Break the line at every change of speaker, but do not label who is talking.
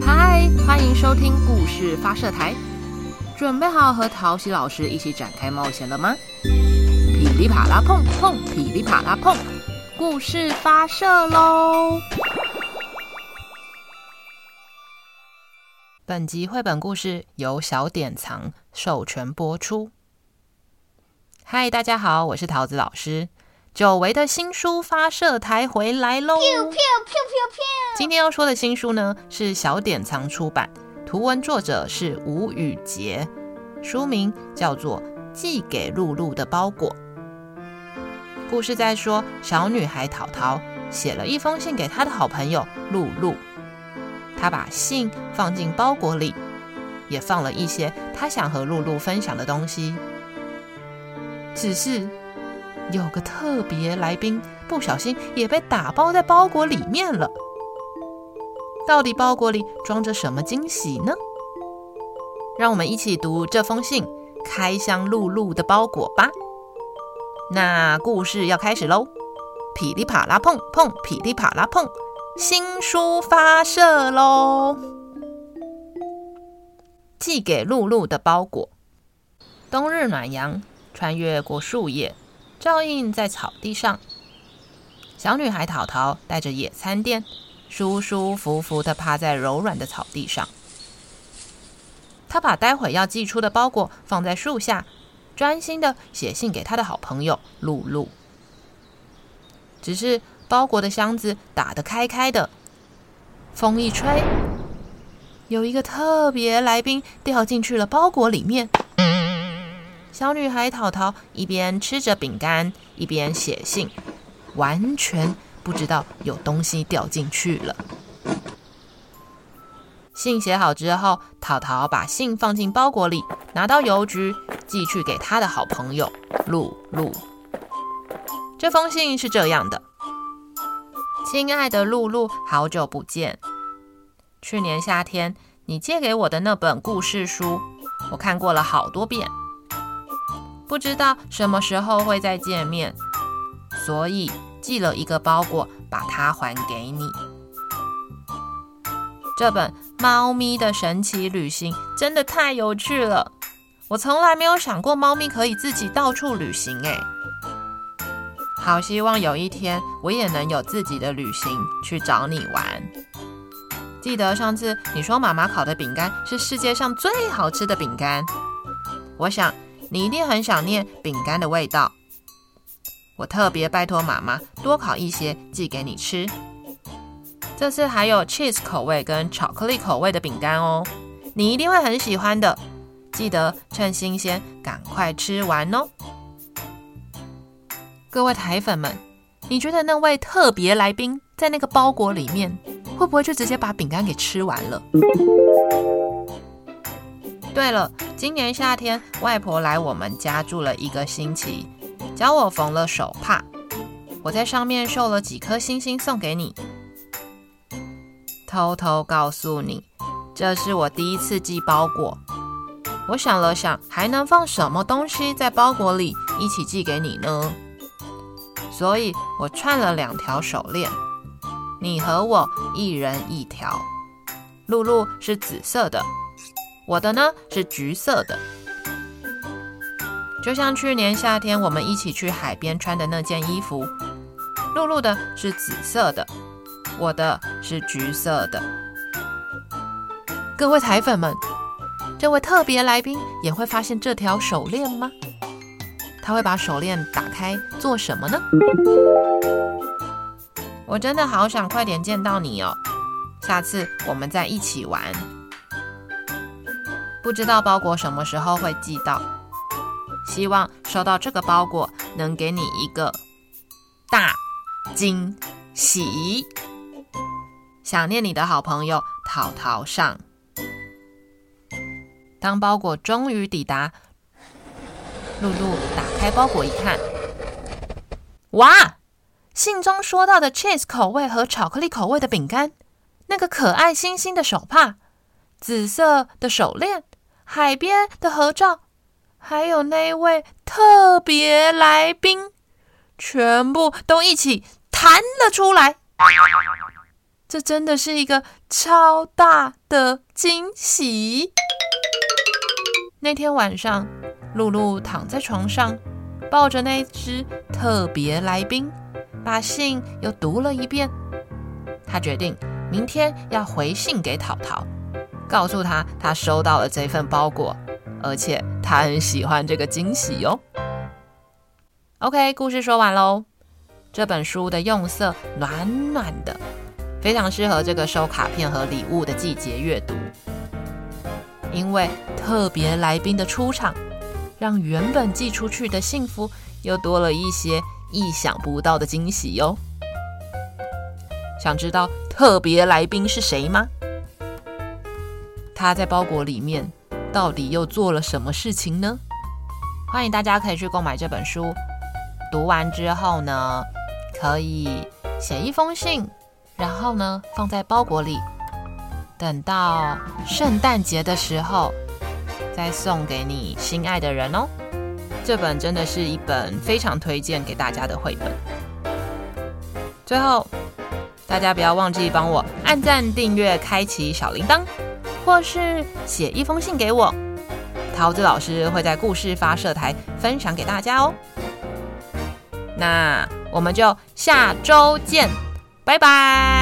嗨，歡迎收聽故事發射台，準備好和陶喜老師一起展開冒險了嗎？噼里啪啦碰碰，噼里啪啦碰，故事發射嘍！本集繪本故事由小典藏授權播出。嗨，大家好，我是陶子老師。久違的新書發射台回來嘍！今天要說的新書呢，是小典藏出版，圖文作者是吳語緁，書名叫做《寄給露露的包裹》。故事在說，小女孩桃桃寫了一封信給她的好朋友露露，她把信放進包裹裡，也放了一些她想和露露分享的東西，只是。有個特別來賓，不小心也被打包在包裹裡面了。到底包裹裡裝着什麼驚喜呢？讓我們一起讀這封信，開箱露露的包裹吧。那故事要開始嘍！噼裡啪啦碰碰，噼裡啪啦碰，新書發射嘍！寄給露露的包裹，冬日暖陽穿越過樹葉。照映在草地上，小女孩桃桃帶着野餐墊，舒舒服服的趴在柔軟的草地上。她把待會要寄出的包裹放在樹下，專心的寫信給她的好朋友露露。只是包裹的箱子打得開開的，風一吹，有一個特別來賓掉進去了包裹裡面。小女孩桃桃一邊吃着餅乾，一邊寫信，完全不知道有東西掉進去了。信寫好之後，桃桃把信放進包裹裡，拿到郵局寄去給她的好朋友露露。這封信是這樣的：“親愛的露露，好久不見！去年夏天你借給我的那本故事書，我看過了好多遍。”不知道什麼時候會再見面，所以寄了一個包裹，把它還給你。這本《貓咪的神奇旅行》真的太有趣了，我從來沒有想過貓咪可以自己到處旅行誒，好希望有一天我也能有自己的旅行去找你玩。記得上次你說媽媽烤的餅乾是世界上最好吃的餅乾，我想。你一定很想念餅乾的味道，我特別拜托媽媽多烤一些寄給你吃。這次還有 cheese 口味跟巧克力口味的餅乾哦，你一定會很喜歡的。記得趁新鮮趕快吃完哦。各位台粉們，你覺得那位特別來賓在那個包裹裡面，會不會就直接把餅乾給吃完了？對了，今年夏天外婆來我們家住了一個星期，教我縫了手帕，我在上面繡了幾顆星星送給你。偷偷告訴你，這是我第一次寄包裹。我想了想，還能放什麼東西在包裹裡一起寄給你呢？所以，我串了兩條手鏈，你和我一人一條。露露是紫色的。我的呢是，橘色的，就像去年夏天我們一起去海邊穿的那件衣服。露露的是紫色的，我的是橘色的。各位陶粉們，這位特別來賓也會發現這條手鏈嗎？他會把手鏈打開做什麼呢？我真的好想快點見到你哦！下次我們再一起玩。不知道包裹什麼時候會寄到，希望收到這個包裹能給你一個大驚喜。想念你的好朋友桃桃上。當包裹終於抵達，露露打開包裹一看，哇！信中說到的 cheese 口味和巧克力口味的餅乾，那個可愛星星的手帕，紫色的手鏈。海邊的合照，還有那位特別來賓，全部都一起彈了出來。這真的是一個超大的驚喜。 那天晚上，露露躺在床上，抱着那隻特別來賓，把信又讀了一遍。她決定明天要回信給桃桃。告訴他，他收到了這份包裹，而且他很喜歡這個驚喜哦。OK，故事說完嘍。這本書的用色暖暖的，非常適合這個收卡片和禮物的季節閱讀。因為特別來賓的出場，讓原本寄出去的幸福又多了一些意想不到的驚喜喲、哦。想知道特別來賓是誰嗎？他在包裹裡面到底又做了什麼事情呢？歡迎大家可以去購買這本書，讀完之後呢，可以寫一封信，然後呢，放在包裹裡，等到聖誕節的時候再送給你心愛的人哦。這本真的是一本非常推薦給大家的繪本。最後，大家不要忘記幫我按讚、訂閱、開啟小鈴鐺。或是寫一封信給我，陶子老師會在故事發射台分享給大家哦。那我們就下周見，拜拜。